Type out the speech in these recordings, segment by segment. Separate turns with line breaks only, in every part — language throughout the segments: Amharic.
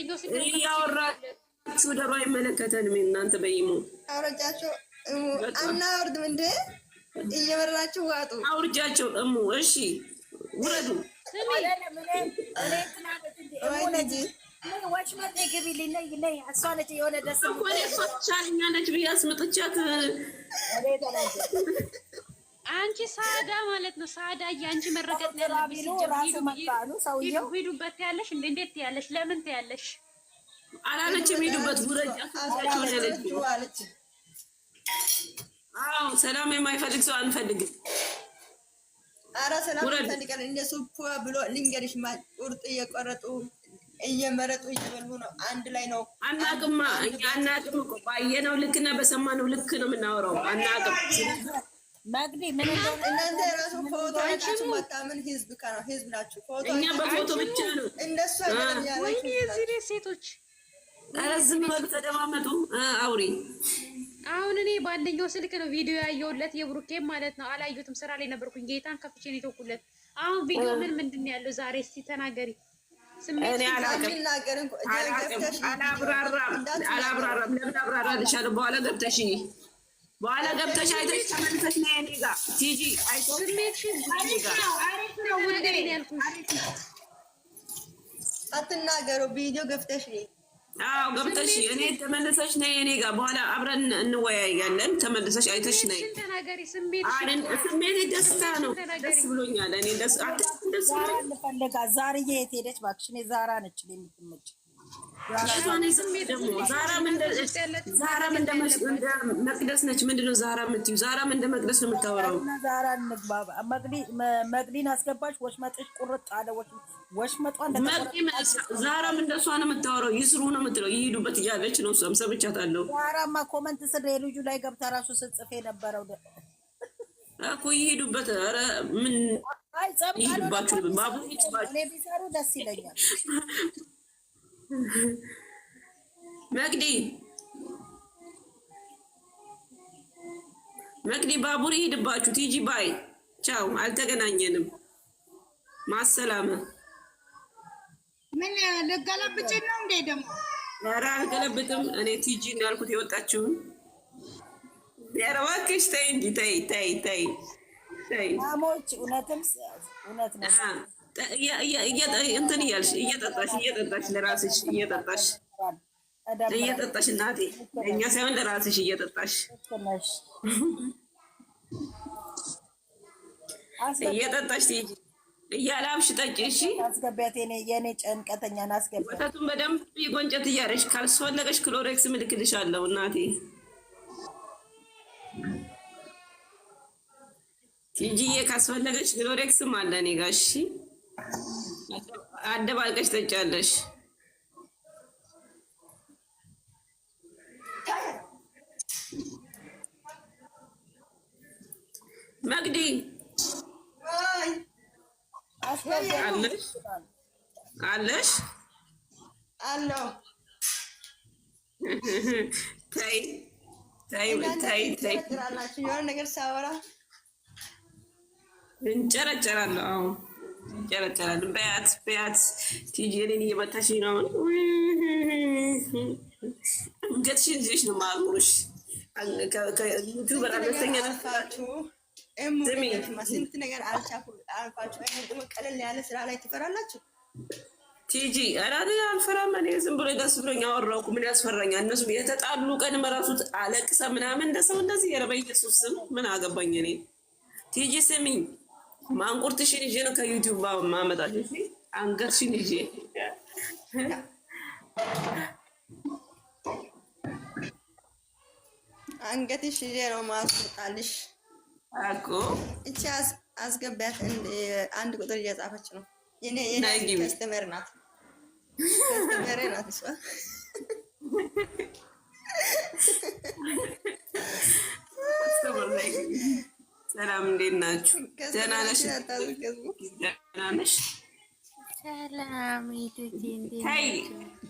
እያወራችሁ ደሮ አይመለከተንም። እናንተ በይሞ
አውረጃቸው አናወርድም እንደ እየበራችሁ ዋጡ
አውርጃቸው እሙ እሺ ውረዱ።
ወሽመጤ ግቢ ልነይ ነይ እሷ ነች የሆነ ደስ
እኮ እሷ ቻልኛለች ብዬ አስመጥቻት
አንቺ ሳዳ ማለት ነው። ሳዳ እያንቺ መረገጥ ነው ያለብሽ። ሂዱበት ያለሽ እንዴ? እንዴት ያለሽ? ለምን ያለሽ
አላለችም። ሂዱበት ጉረጃ አዎ ሰላም የማይፈልግ ሰው አንፈልግም።
አረ ሰላም እንፈልጋለን። እነሱ ብሎ ልንገርሽ፣ ቁርጥ እየቆረጡ እየመረጡ እየበሉ ነው። አንድ ላይ ነው።
አናቅማ፣ እኛ አናቅም። ባየነው ልክና በሰማነው ልክ ነው የምናወራው። አናቅም
መግቢ ምን
እናንተ የራሱ ፎቶ አይታችሁ መጣ። ህዝብ ከነው ህዝብ ናችሁ።
ፎቶ እኛ በፎቶ ብቻ ነው
እንደሱ አይደለም
ያላችሁ። እዚህ ሴቶች
አረዝም በሉ ተደማመጡ፣ አውሪ።
አሁን እኔ ባለኛው ስልክ ነው ቪዲዮ ያየሁለት የብሩኬ ማለት ነው። አላየሁትም፣ ስራ ላይ ነበርኩኝ። ጌታን ከፍቼ ነው የተውኩለት። አሁን ቪዲዮ ምን ምንድን ነው ያለው ዛሬ? እስቲ ተናገሪ።
አላብራራም፣ አላብራራም። ለምን አብራራ ልሻለሁ በኋላ ገብተሽኝ በኋላ ገብተሽ አይተሽ ተመልሰሽ ነው እኔ ጋር ቲጂ
አትናገሩ። ቪዲዮ ገብተሽ
አዎ፣ ገብተሽ እኔ ተመልሰሽ ነው እኔ ጋር በኋላ አብረን እንወያያለን። ተመልሰሽ አይተሽ ነው። ስሜቴ ደስታ ነው። ደስ ብሎኛል። እኔ ደስ ደስ
ብሎኛል። ዛርዬ የት ሄደች? እባክሽ ዛራ ነች የምትመጪው
ዛራም እንደ መቅደስ ነች። ምንድን ነው ዛራ የምትዩ? ዛራም እንደ መቅደስ ነው የምታወራው።
መቅዲን አስገባች። ወሽመጥሽ ቁርጥ አለ። ወሽመጧ
ዛራም እንደ ነው የምታወራው። ይስሩ ነው የምትለው። ይሄዱበት እያለች ነው እሷም ሰምቻታለሁ።
ዛራማ ኮመንት ስር የልጁ ላይ ገብታ ራሱ ስትጽፍ የነበረው
እኮ ይሄዱበት። ኧረ ምን ይሄዱባችሁ። ባቡ
ይባሉ ደስ ይለኛል።
መግዲ መግዲ ባቡር ይሄድባችሁ። ቲጂ ባይ ቻው። አልተገናኘንም። ማሰላመ
ምን ልገለብጭ ነው እንዴ? ደግሞ
ኧረ አልገለብጥም። እኔ ቲጂ እንዳልኩት የወጣችውን ኧረ እባክሽ ተይ እንጂ ተይ ተይ ተይ
ተይ። እውነትም
እውነት ነው። እንትን እያልሽ እየጠጣሽ እየጠጣሽ ለራስሽ እየጠጣሽ እየጠጣሽ እናቴ ለእኛ ሳይሆን ለራስሽ እየጠጣሽ እየጠጣሽ ትሄጂ እያላብሽ ጠጪ። እሺ
አስገቢያት፣ የኔ ጨንቀተኛን አስገቢያት።
ወተቱን በደንብ ጎንጨት እያደረሽ ካልስፈለገሽ ክሎሬክስ ምልክልሻለሁ እናቴ ቲጂዬ ካስፈለገች ክሎሬክስም አለ እኔ ጋር እሺ። አደባልቀሽ ተጫለሽ። መግዲ አለሽ አለሁ። ተይ ተይ ተይ ተይ፣
የሆነ ነገር ሳወራ
እንጨረጨራለሁ አሁን ጨረጨራል። በያት በያት ቲጂ እኔን እየመታሽ ነው። አንገትሽን ይዘሽ ነው ማጉሮሽ
ዩቱበር አነስተኛ ነፋችሁ ስንት ነገር አልፋችሁ ደግሞ ቀለል ያለ ስራ ላይ ትፈራላችሁ።
ቲጂ ኧረ አልፈራም። እኔ ዝም ብሎ ደስ ብሎኝ አወራሁ ምን ያስፈራኛል? እነሱ የተጣሉ ቀን መራሱት አለቅሰ ምናምን እንደሰው እንደዚህ የረበ ኢየሱስ ስም ምን አገባኝ እኔ ቲጂ ስሚኝ ማንቁርትሽን ይዤ ነው ከዩቲዩብ ማመጣሽ። አንገትሽን ይዤ
አንገትሽ ይዤ ነው ማስወጣልሽ እኮ። እቺ አስገቢያት። አንድ ቁጥር እየጻፈች ነው። የኔ የኔ ከስተመር ናት፣ ከስተመር ናት እሷ
ከስተመር ሰላም፣ እንዴት ናችሁ? ደህና ነሽ? ደህና ነሽ?
ሰላም ይቱቲ፣
እንዴት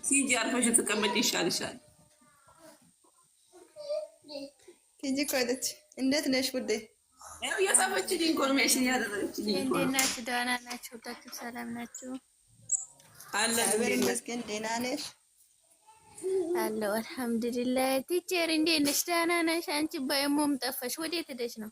ቲጂ አርፈሽ ተቀመጪ ይሻልሻል።
ቲጂ እኮ አለች። እንዴት ነሽ ውዴ?
ያው የጻፈችኝ ኢንፎርሜሽን ያደረገችኝ።
እንዴት ናችሁ? ደህና ናችሁ? ሁላችሁ ሰላም ናችሁ?
አለ
ይመስገን። ደህና ነሽ?
አለው አልሐምዱሊላህ። ቲቸር እንዴት ነሽ? ደህና ነሽ? አንቺ ባይሞም ጠፋሽ። ወዴት ሄደሽ ነው?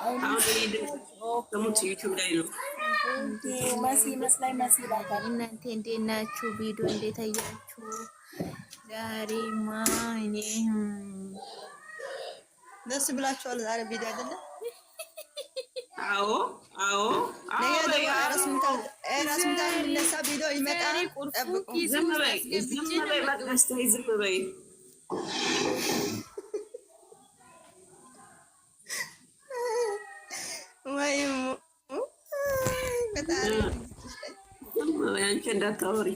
ላይ ነው። መሲ መስላይ እናንተ እንዴት ናችሁ? ቪዲዮ እንዴት አያችሁ? ዛሬማ እኔ ደስ ብላችኋል። ዛሬ ቪዲዮ አይደለም? አዎ አዎ የሚነሳ ቪዲዮ ይመጣል። ዝም በይ ዝም በይ እንዳታወሪ።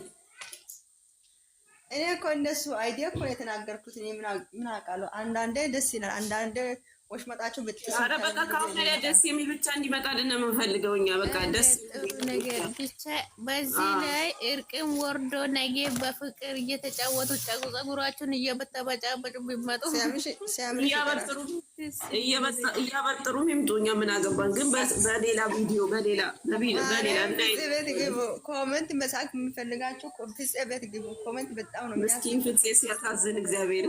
እኔ እኮ እንደሱ አይዲያ እኮ የተናገርኩት ምን አውቃለሁ። አንዳንዴ ደስ ይላል፣ አንዳንዴ ወሽ ወሽመጣችሁ ኧረ በቃ ካሁን ላይ ደስ የሚል ብቻ እንዲመጣልን ነው የምንፈልገው እኛ። በቃ ደስ ነገር ብቻ በዚህ ላይ እርቅም ወርዶ ነገ በፍቅር እየተጫወቱ ጸጉራችሁን እየበጠበጫበጩ ቢመጡ እያበጥሩ ይምጡ። እኛ ምን አገባን? ግን በሌላ ቪዲዮ በሌላ በሌላ ኮመንት መሳቅ የሚፈልጋችሁ ፍፄ ቤት ግቡ። ኮመንት በጣም ነው ምስኪን ፍፄ ሲያሳዝን እግዚአብሔር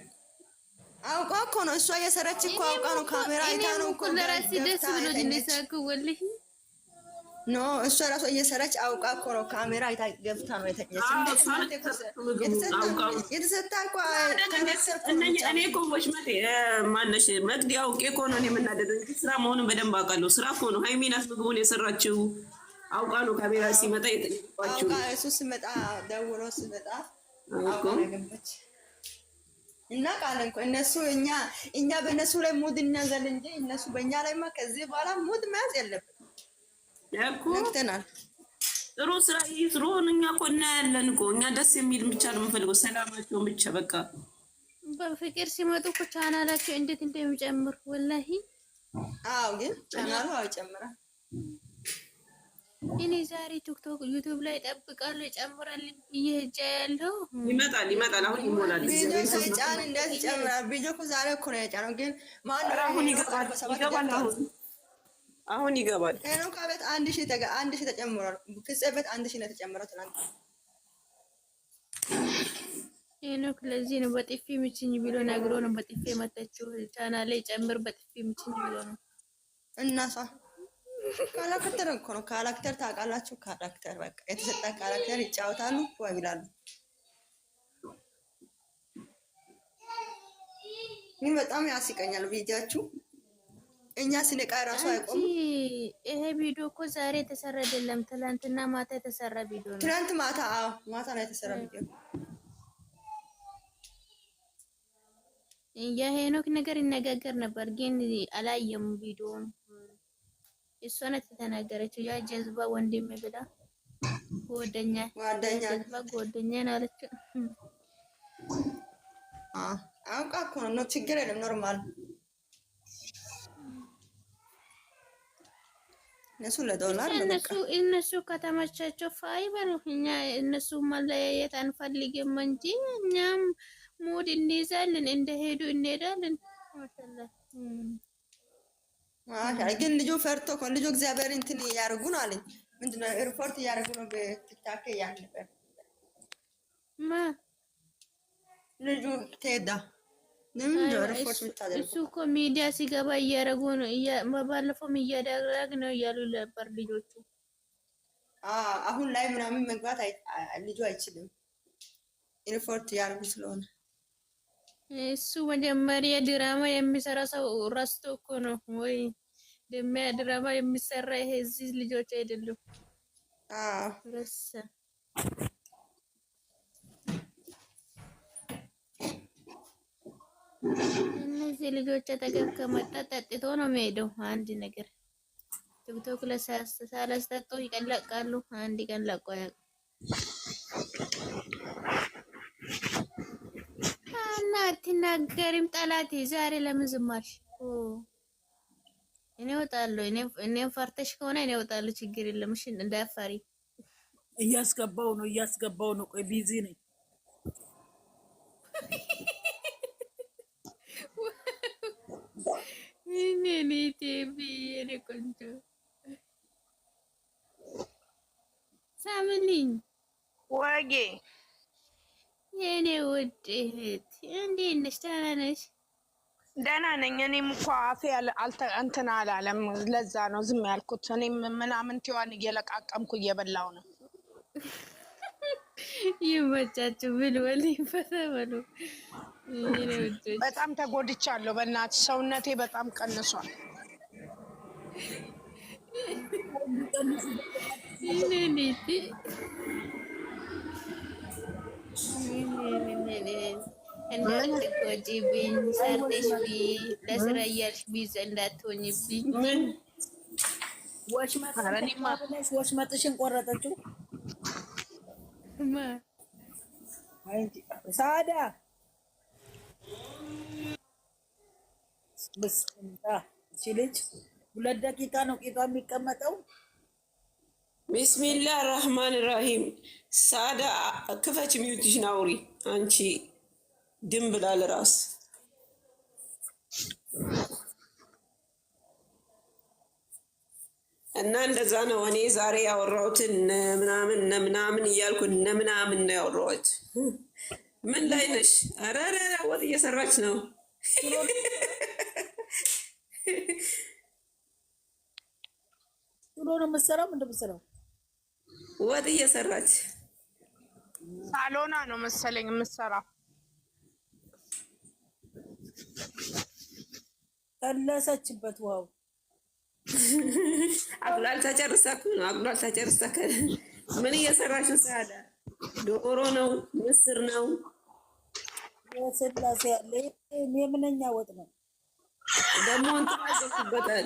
አውቃ እኮ ነው እሷ እየሰራች እኮ አውቃ ነው። ካሜራ አይታ ነው እኮ ደስ ብሎኝ እንደሳኩ ወልህ ኖ እሷ ራሷ እየሰራች አውቃ እኮ ነው። ካሜራ አይታ ገብታ ነው የተሰጣ እኮ እኔ እኮ ወሽመቴ ማነሽ መቅዲ አውቄ እኮ ነው የምናደደው ስራ መሆኑን በደንብ አውቃለሁ። ስራ እኮ ነው ሀይሚ ናት ምግቡን የሰራችው አውቃ ነው። ካሜራ ሲመጣ የጠየቋቸው እሱ ሲመጣ ደውሎ ሲመጣ አውቃ ነው እና ቃል እንኳ እነሱ እኛ እኛ በእነሱ ላይ ሙድ እናዘል እንጂ እነሱ በእኛ ማ ከዚህ በኋላ ሙድ መያዝ የለብን እኮ ጥሩ ስራ ይስሩ። እኛ እኮ እናያለን እኮ እኛ ደስ የሚል ብቻ ነው የምፈልገው፣ ሰላማቸውን ብቻ በቃ። በፍቅር ሲመጡ እኮ ቻናላቸው እንዴት እንደሚጨምር ወላሂ። አዎ ግን ቻናሉ አዎ ይጨምራል። እኔ ዛሬ ቲክቶክ ዩቱብ ላይ ጠብቃለሁ ይጨምራል እየሄጃ ያለው ይመጣል ይመጣል። አሁን ይሞላል። ቪዲዮ ሳይጫን እንዴት ይጨምራል? ቪዲዮ እኮ ዛሬ እኮ ነው የጫነው፣ ግን ማን አሁን ይገባል ይገባል። አሁን አሁን ይገባል። ሄኖክ ቤት አንድ ሺህ ተገ አንድ ሺህ ተጨምሯል። ፍፄ አንድ ሺህ ነው የተጨመረው ትናንት። ሄኖክ ለዚህ ነው በጥፊ ምችኝ ብሎ ነግሮ ነው በጥፊ የመጣችው። ቻናል ላይ ጨምር በጥፊ ምችኝ ብሎ ነው እናሳ ካራክተር እኮ ነው። ካራክተር ታውቃላችሁ። ካራክተር በቃ የተሰጠ ካራክተር ይጫወታሉ ወይ ይላሉ። ይህ በጣም ያስቀኛል ቪዲያችሁ። እኛ ስንቃ ራሱ አይቆም። ይሄ ቪዲዮ እኮ ዛሬ የተሰራ አይደለም፣ ትላንትና ማታ የተሰራ ቪዲዮ ነው። ትላንት ማታ አዎ፣ ማታ ነው የተሰራ ቪዲዮ። የሄኖክ ነገር ይነጋገር ነበር ግን አላየም ቪዲዮውን እሷ ናት የተናገረችው። ያ ጀዝባ ወንድም ብላ ጓደኛ ጀዝባ ጓደኛ ናለች። አውቃ እኮ ነው። ችግር የለም ኖርማል። እነሱ ለዶላር እነሱ እነሱ ከተመቻቸው ፋይበር እኛ እነሱ መለያየት አንፈልግም እንጂ እኛም ሙድ እንይዛለን እንደሄዱ እንሄዳለን። ግን ልጁ ፈርቶ ልጁ እግዚአብሔር እንትን እያደረጉ ነው አለኝ። ምንድነው ሪፖርት እያደረጉ ነው በቲክታክ እያለ ነበር ልጁ ቴዳ እሱ እኮ ሚዲያ ሲገባ እያደረጉ ነው። ባለፈውም እያደረግ ነው እያሉ ነበር ልጆቹ። አሁን ላይ ምናምን መግባት ልጁ አይችልም ሪፖርት እያደረጉ ስለሆነ እሱ መጀመሪያ ድራማ የሚሰራ ሰው ረስቶ እኮ ነው ወይ ደሚያ ድራማ የሚሰራ ይሄ እዚህ ልጆች አይደሉም። ረሳ እነዚህ ልጆች አጠገብ ከመጣ ጠጥቶ ነው የሚሄደው። አንድ ነገር ቲክቶክ ሳላስጠጡ ይቀላቃሉ። አንድ ቀን ላቆያል እና አትናገሪም ጠላቴ ዛሬ ለምን ዝም አልሽ? እኔ እወጣለሁ። እኔም ፈርተሽ ከሆነ እኔ እወጣለሁ። ችግር የለም። እሺ እንዳያፈሪ። እያስገባው ነው እያስገባው ነው። ቆይ ቢዚ ነኝ። እኔ ቲቪ እኔ ቆንጆ ሳምልኝ ወጌ የኔ ውድ እህት እንዴት ነሽ? ደህና ነሽ? ደህና ነኝ። እኔም እኮ አፌ እንትን አላለም። ለዛ ነው ዝም ያልኩት። እኔም ምናምን ቲዋን እየለቃቀምኩ እየበላው ነው። ይመቻችሁ። ብል ወል ይፈተበሉ። በጣም ተጎድቻለሁ። በእናት ሰውነቴ በጣም ቀንሷል። ይኔ እንዳትቆጪብኝ ሰርተሽ ለስራ እያልሽ ቢዝ እንዳትሆኝብኝ። ወሽመጥሽን ቆረጠችው። ሳዳ እቺ ልጅ ሁለት ደቂቃ ነው ቂጧ የሚቀመጠው። ቢስሚላህ ራህማን ራሂም። ሳዳ ክፈች ሚዩትሽን አውሪ አንቺ ድም ብላል ራስ እና እንደዛ ነው። እኔ ዛሬ ያወራሁትን ምናምን ምናምን እያልኩ ምናምን ነው ያወራሁት። ምን ላይ ነሽ? ኧረ ኧረ ወጥ እየሰራች ነው። ሽሮ ነው የምትሰራው? ምንድን የምትሰራው? ወጥ እየሰራች ሳሎና ነው መሰለኝ የምትሰራው ጠለሰችበት። ዋው አጉላል ተጨርሰኩ ነው። አጉላል ተጨርሰከ። ምን እየሰራሽ ሳለ ዶሮ ነው ምስር ነው ስላሴ ያለ የምንኛ ወጥ ነው ደግሞ እንትናዘበታል።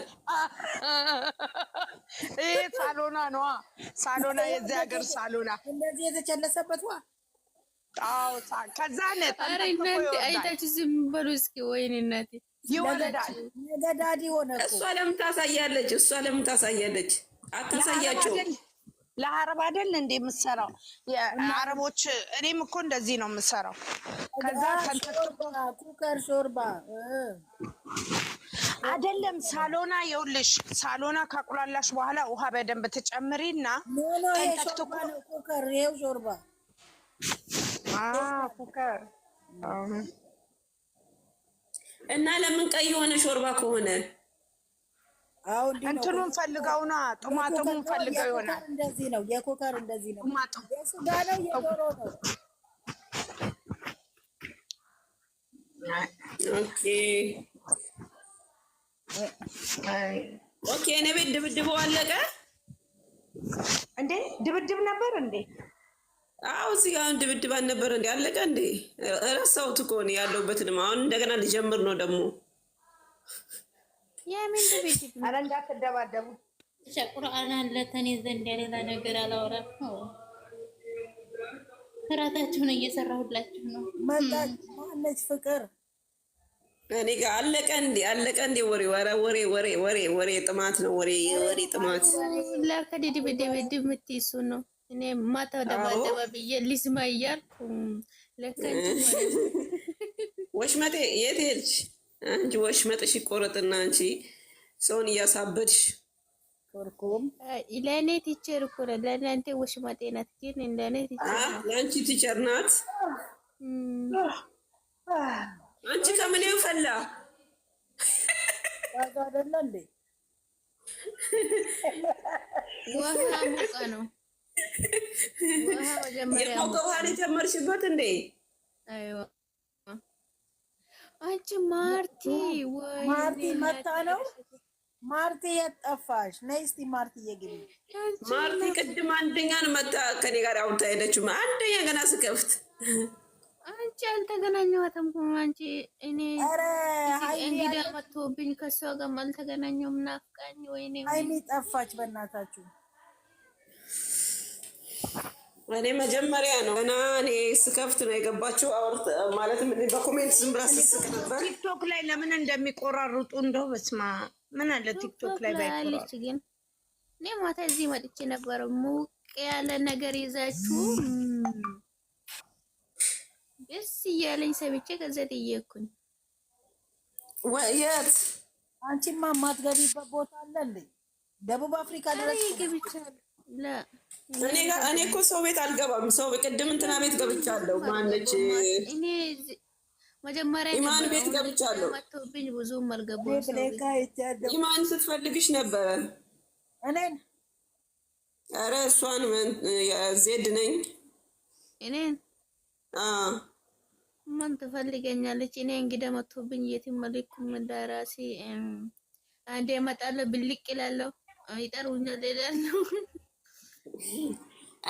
ይሄ ሳሎና ነዋ። ሳሎና የዚህ ሀገር ሳሎና እንደዚህ የተጨለሰበት ዋ አይታችሁ ዝም በሉ እስኪ። ወይኔ እናቴ ይወለዳል። ሆነ። እሷ ለምን ታሳያለች? እሷ ለምን ታሳያለች? አታሳያቸው። ለአረብ አይደል እንዴ የምትሰራው? እኔም እኮ እንደዚህ ነው የምትሰራው። ከዛ ኩከር ሾርባ አይደለም ሳሎና፣ ይኸውልሽ ሳሎና ካቁላላሽ በኋላ ውሃ በደንብ ትጨምሪና፣ ሾርባ Ah, እና ለምን ቀይ የሆነ ሾርባ ከሆነ እንትኑን ፈልገውና ጥማጥሙን ፈልገው ይሆናል። እንደዚህ ነው የኮከር እንደዚህ ነው የስጋ ነው የዶሮ ነው። ኦኬ ኦኬ። እኔ ቤት ድብድቡ አለቀ እንዴ? ድብድብ ነበር እንዴ? አሁ እዚህ ጋር አሁን ድብድብ አልነበረ እንዴ? አለቀ እንዴ? ረሳሁት እኮ እኔ ያለሁበትንም። አሁን እንደገና ልጀምር ነው ደግሞ። የምን ድብድብ? ኧረ እንዳትደባደቡ። ቁርአን አለ ተኔ ዘንድ ያሌላ ነገር አላወራም። እራታችሁን እየሰራሁላችሁ ነው። መጣች ማነች ፍቅር እኔ ጋር አለቀ እንዴ? አለቀ እንዴ? ወሬ ወሬ ወሬ ወሬ ወሬ ወሬ ጥማት ነው። ወሬ ወሬ ጥማት ለከ ድብድብ ድብድብ የምትይሱ ነው እኔ ማታ ደባደባ ብዬ ሊስማ እያልኩ ወሽመጤ የት ሄድሽ አንቺ? ወሽመጥሽ ይቆረጥና አንቺ ሰውን እያሳበድሽ ለእኔ ቲቸር እኮ ለእናንተ ወሽመጤ ናት፣ ግን እንደኔ ለአንቺ ቲቸር ናት። አንቺ ከምን ፈላ ዋጋ አይደለ እንዴ? ዋጋ ሙቃ ነው የሞቀ ውሃን የጨመርሽበት እንዴ? አንቺ ማርቲ ማርቲ መታ ነው። ማርቲ የጠፋሽ ነይ እስቲ ማርቲ የግቢ ማርቲ ቅድም አንደኛን መታ ከኔ ጋር አውርታ ሄደችው። አንደኛ ገና ስከፍት አንቺ አልተገናኘኋትም። አንቺ እኔ እንግዳ መጥቶብኝ ከሷ ጋርም አልተገናኘሁም። ናፍቃኝ ወይኔ፣ አይኔ ጠፋች በእናታችሁ እኔ መጀመሪያ ነው እና እኔ ስከፍት ነው የገባችው። አውርት ማለት ምን በኮሜንት ዝም ብላ ስስቅ ነበር። ቲክቶክ ላይ ለምን እንደሚቆራርጡ እንደው በስማ ምን አለ ቲክቶክ ላይ ባይቆራርጡ። ግን እኔ ማታ እዚህ መጥቼ ነበረ ሙቅ ያለ ነገር ይዛችሁ ደስ እያለኝ ሰምቼ ከዛ ጥየኩኝ። የት አንቺማ ማትገቢበት ቦታ አለልኝ ደቡብ አፍሪካ ድረስ ገብቻለሁ እኔ እኮ ሰው ቤት አልገባም። ሰው ቅድም እንትና ቤት ገብቻለሁ። ማነች ኢማን ቤት ገብቻለሁ። ኢማን ስትፈልግሽ ነበረ። ኧረ እሷን ዜድ ነኝ እኔን ማን ትፈልገኛለች? እኔ እንግዳ መጥቶብኝ የትም አልሄድኩም። እንዳራሴ አንዴ እመጣለሁ፣ ብልቅ እላለሁ፣ ይጠሩኛል እላለሁ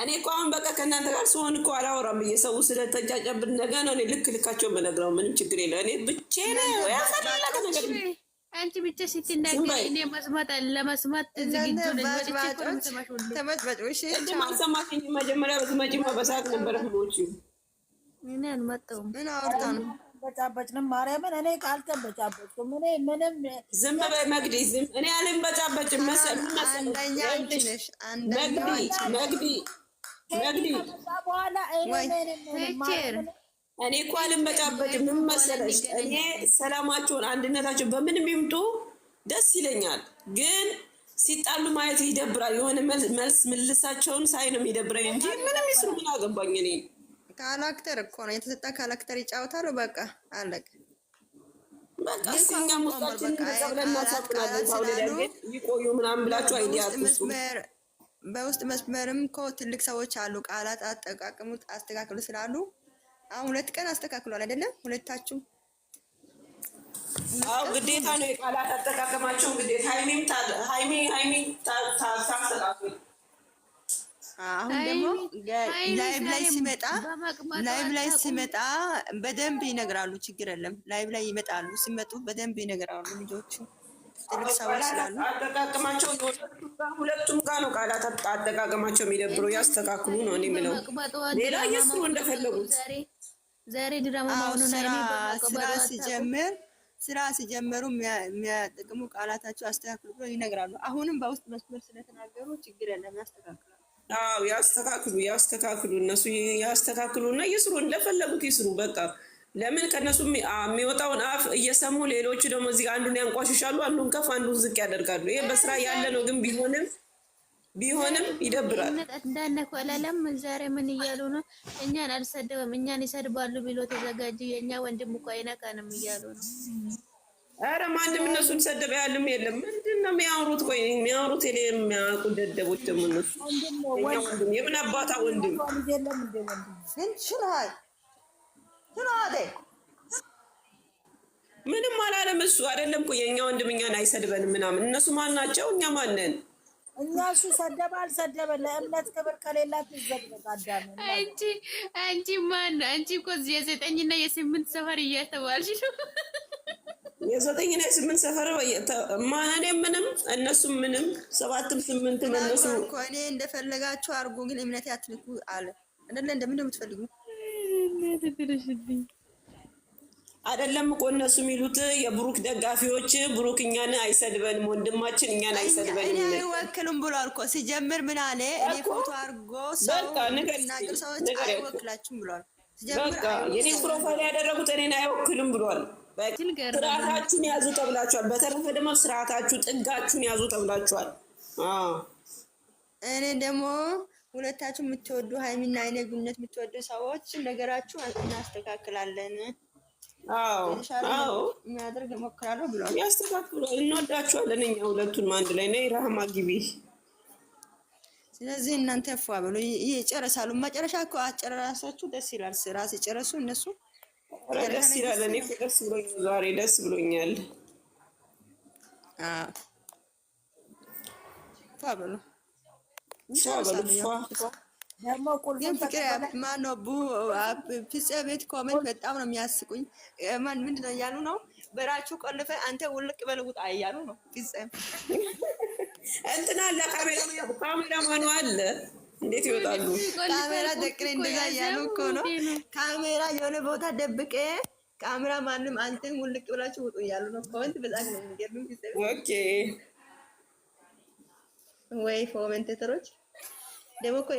እኔ እኮ አሁን በቃ ከእናንተ ጋር ስሆን እኮ አላወራም። እየሰው ስለተጫጫብን ነገ ነው እኔ ልክ ልካቸው የምነግረው። ምንም ችግር የለው። እኔ ብቻዬን ያፈላላት ነገር አንቺ ብቻ ስትናገር እኔ መስማት ለመስማት ዝግጁ ነኝ። ቅድም መጀመሪያ ብትመጪማ በሰዓት ነበረ ህቦች ምን አልመጣሁም። ምን አውርታ ነው አልበጫበጭንም። ማርያምን እኔ አልተበጫበጭኩም። እኔ ምንም ዝም በይ መግዲ፣ ዝም እኔ አልበጫበጭም። አንደኛ አንቺ ነሽ መግዲ፣ መግዲ በኋላ እኔ እኮ አልበጫበጭም። ምን መሰለሽ እኔ ሰላማቸውን አንድነታቸው በምንም ይምጡ ደስ ይለኛል ግን ሲጣሉ ማየት ይደብራል። የሆነ መልስ ምልሳቸውን ሳይ ነው የሚደብረኝ እንጂ ምንም ይስሩ ምን አገባኝ እኔ ካራክተር እኮ ነው የተሰጠ ካራክተር ይጫወታሉ። በቃ አለቀ። በውስጥ መስመርም እኮ ትልቅ ሰዎች አሉ። ቃላት አጠቃቅሙት አስተካክሉ ስላሉ አሁን ሁለት ቀን አስተካክሏል አይደለም? ሁለታችሁ ግዴታ ነው የቃላት አጠቃቀማቸው ግዴታ ሀይሚ ሀይሚ ሀይሚ ታስተካክሉ አሁን ደግሞ ላይቭ ላይ ሲመጣ ላይቭ ላይ ሲመጣ በደንብ ይነግራሉ። ችግር የለም። ላይቭ ላይ ይመጣሉ። ሲመጡ በደንብ ይነግራሉ። ልጆቹ ትልቅ ስላሉ ሁለቱም ጋር ነው። ቃላት ያስተካክሉ ነው እኔ የምለው። ሌላ እየስሩ እንደፈለጉት ዛሬ ድራማ መሆኑን ስራ ሲጀምር ስራ ሲጀመሩ የሚያጠቅሙ ቃላታቸው አስተካክሉ ብሎ ይነግራሉ። አሁንም በውስጥ መስመር ስለተናገሩ ችግር የለም ያስተካክላል። አዎ ያስተካክሉ ያስተካክሉ እነሱ ያስተካክሉ እና ይስሩ፣ እንደፈለጉት ይስሩ። በቃ ለምን ከእነሱ የሚወጣውን አፍ እየሰሙ ሌሎቹ ደግሞ እዚህ አንዱን ያንቋሽሻሉ፣ አንዱን ከፍ፣ አንዱን ዝቅ ያደርጋሉ። ይሄ በስራ ያለ ነው። ግን ቢሆንም ቢሆንም ይደብራል። እንዳነኩ ዛሬ ምን እያሉ ነው? እኛን አልሰደበም፣ እኛን ይሰድባሉ ብሎ ተዘጋጅ። የእኛ ወንድም እኮ አይነካንም እያሉ ነው። ኧረ ማንም እነሱን ሰደበ ያልም የለም። ምንድነው የሚያወሩት? ቆይ የሚያወሩት የኔ የሚያውቁ ደደቦች ደግሞ ወንድም የምን አባታ ወንድም ምንም አላለም እሱ አይደለም የእኛ ወንድም እኛን አይሰድበንም ምናምን። እነሱ ማን ናቸው? እኛ ማንን እኛ እሱ ሰደበ አልሰደበ ለእምነት ክብር ከሌላት ይዘግበጋዳል እንጂ አንቺ ማን አንቺ እኮ የዘጠኝና የስምንት ሰፈር እያተባልሽ ነው የዘጠኝና የስምንት ሰፈር እኔ ምንም እነሱም ምንም ሰባትም ስምንት መነሱ እኔ እንደፈለጋችሁ አርጎ ግን እምነት ያትልኩ አለ አይደለ? እንደምን የምትፈልጉ አደለም እኮ እነሱ የሚሉት የብሩክ ደጋፊዎች ብሩክ እኛን አይሰድበንም፣ ወንድማችን እኛን አይሰድበንም፣ አይወክሉም ብሎ አልኮ ሲጀምር ምን አለ? እኔ ፎቶ አርጎ ሰዎች አይወክላችሁም ብሏል። ሲጀምር የኔ ፕሮፋይል ያደረጉት እኔን አይወክልም ብሏል። ስርዓታችሁን ያዙ ተብላችኋል። በተረፈ ደግሞ ስርዓታችሁ ጥጋችሁን ያዙ ተብላችኋል። እኔ ደግሞ ሁለታችሁ የምትወዱ ሀይሚና አይነ ግንኙነት የምትወዱ ሰዎች ነገራችሁ እናስተካክላለን የሚያደርግ እሞክራለሁ ብሏል። ያስተካክሉ፣ እንወዳችኋለን። እኛ ሁለቱን አንድ ላይ ነ ረሃማ ግቢ። ስለዚህ እናንተ ፏ በሉ። ይህ ጨረሳሉ። መጨረሻ እኮ ደስ ይላል። ስራ ሲጨረሱ እነሱ ደስ ይላል። እኔ ደስ ብሎኝ ዛሬ ደስ ብሎኛል። ግን ፍቅር ማነው ፍፄ ቤት ኮመንት በጣም ነው የሚያስቁኝ። ማን ምንድን ነው እያሉ ነው በራችሁ ቆልፈ አንተ ውልቅ በልውጣ እያሉ ነው። ፍፄም እንትና አለ ካሜራ ማኑ አለ እንዴት ይወጣሉ? ካሜራ ደቅነ እንደዛ እያሉ እኮ ነው። ካሜራ የሆነ ቦታ ደብቄ ካሜራ ማንም አንተን ውልቅ ብላችሁ ውጡ እያሉ ነው። ኮመንት በጣም ነው የሚገርም ጊዜ። ኦኬ ወይ ኮመንቴተሮች ደግሞ እኮ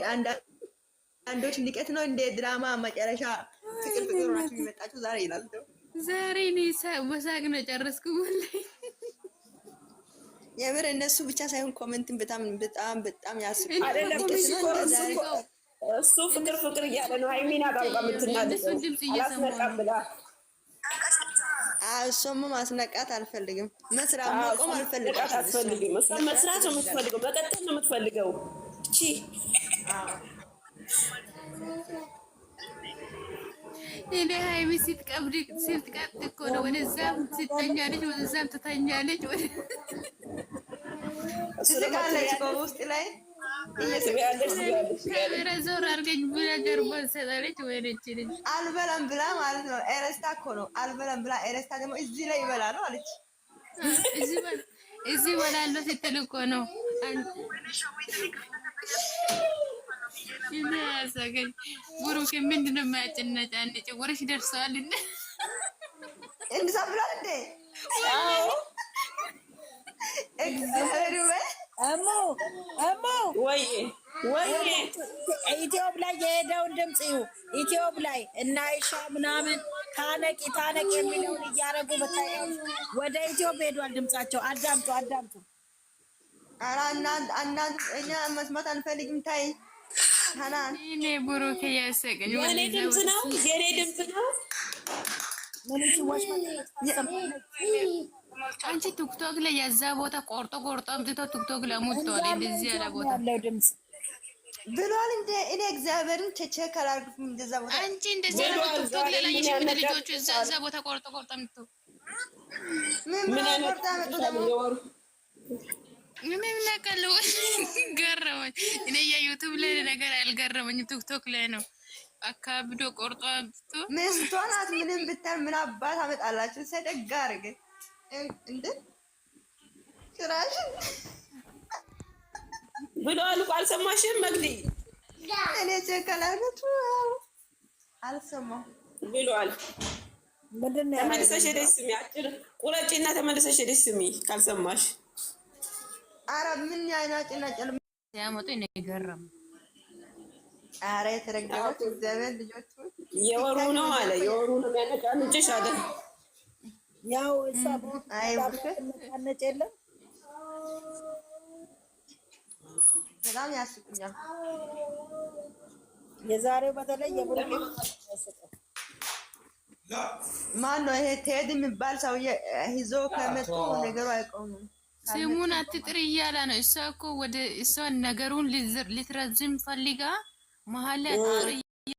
አንዶች ንቀት ነው እንደ ድራማ መጨረሻ ፍቅር ፍቅር ናችሁ የሚመጣችሁ ዛሬ ይላሉ። ዛሬ እኔ በሳቅ ነው ጨረስኩ። የምር እነሱ ብቻ ሳይሆን ኮመንትን በጣም በጣም በጣም እሱ ፍቅር ፍቅር እያለ ነው ሃይሚና ጣልቃ የምትናደደው አላስነቃም ብላ እሷማ ማስነቃት አልፈልግም። መስራት ማቆም አልፈልግም። መስራት ነው የምትፈልገው፣ መቀጠል ነው የምትፈልገው። እኔ ሀይሚ ስትቀብድ ስትቀጥ እኮ ነው። ወደዛም ትተኛለች፣ ወደዛም ትተኛለች። በውስጥ ላይ ካሜራ ዞር አድርገኝ ብላ ጀርባን ሰጣለች። ወይነች ልጅ አልበላም ብላ ማለት ነው። ኤረስታ እኮ ነው አልበላም ብላ። ኤረስታ ደግሞ እዚህ ላይ ይበላሉ አለች። እዚህ በላሉ ስትል እኮ ነው የሚያሳገኝ ብሩክ ምንድን ነው የማያጨናጫንጭ? ወረሽ ደርሰዋል። እንድሳ ብሏል እንዴ እሞ እሞ ወይ ወይ ኢትዮብ ላይ የሄደውን ድምፅ ይሁ ኢትዮብ ላይ እና አይሻ ምናምን ታነቂ ታነቂ የሚለውን እያደረጉ በታይ ወደ ኢትዮብ ሄዷል ድምፃቸው አዳምጡ አዳምጡ። ኧረ እናንተ እኛ መስማት አንፈልግም ታይ ብሩክ እያሰቀኝ የኔ ድምፅ ነው የኔ ድምፅ ነው። አንቺ ቲክቶክ ላይ የዛ ቦታ ቆርጦ ቆርጦ አምጥቶ ቲክቶክ ለሙጥቷል። እንደዚህ ያለ ቦታ ብሏል እንደ እኔ እግዚአብሔርን ቸቸክ አላርግም። እንደዛ ቦታ አንቺ እንደዚህ ያለ ቦታ ቲክቶክ ላይ ላይሽ ምን ልጆቹ እዛ ቦታ ቆርጦ ቆርጦ አምጥቶ ምን ቆርጦ አመጡ ደግሞ ምንም ገረመኝ። እኔ ያ ዩቱብ ላይ ነገር አልገረመኝም፣ ቲክቶክ ላይ ነው አካብዶ ቆርጦ አብቶ ናት። ምንም ብታይ ምን አባት አመጣላችሁ? ሰደጋ አርገ እንደ ብሎ አልኩ። አልሰማሽም? መግዲ እኔ ቸከላነቱ ብሏል። ተመልሰሽ ደስ ስሚ፣ ቁረጪና ተመልሰሽ ደስ ስሚ ካልሰማሽ ኧረ ምን ያናጭናጫል? ሲያመጡ ይገረም። ኧረ የተረገመች እግዚአብሔር ልጆቹ የወሩ ነው አለ የወሩ ነው የሚያነጫንጭሽ አለ። ያው እሷ ነጭ የለም በጣም ያስቁኛል። የዛሬው በተለይ የብሩኬ ማን ነው ይሄ ቴድ የሚባል ሰውዬ ይዞ ከመጡ ነገሩ አይቆምም። ስሙን አትጥሪ እያለ ነው። እሷ እኮ ወደ እሷ ነገሩን ልትረዝም ፈልጋ መሀል ላይ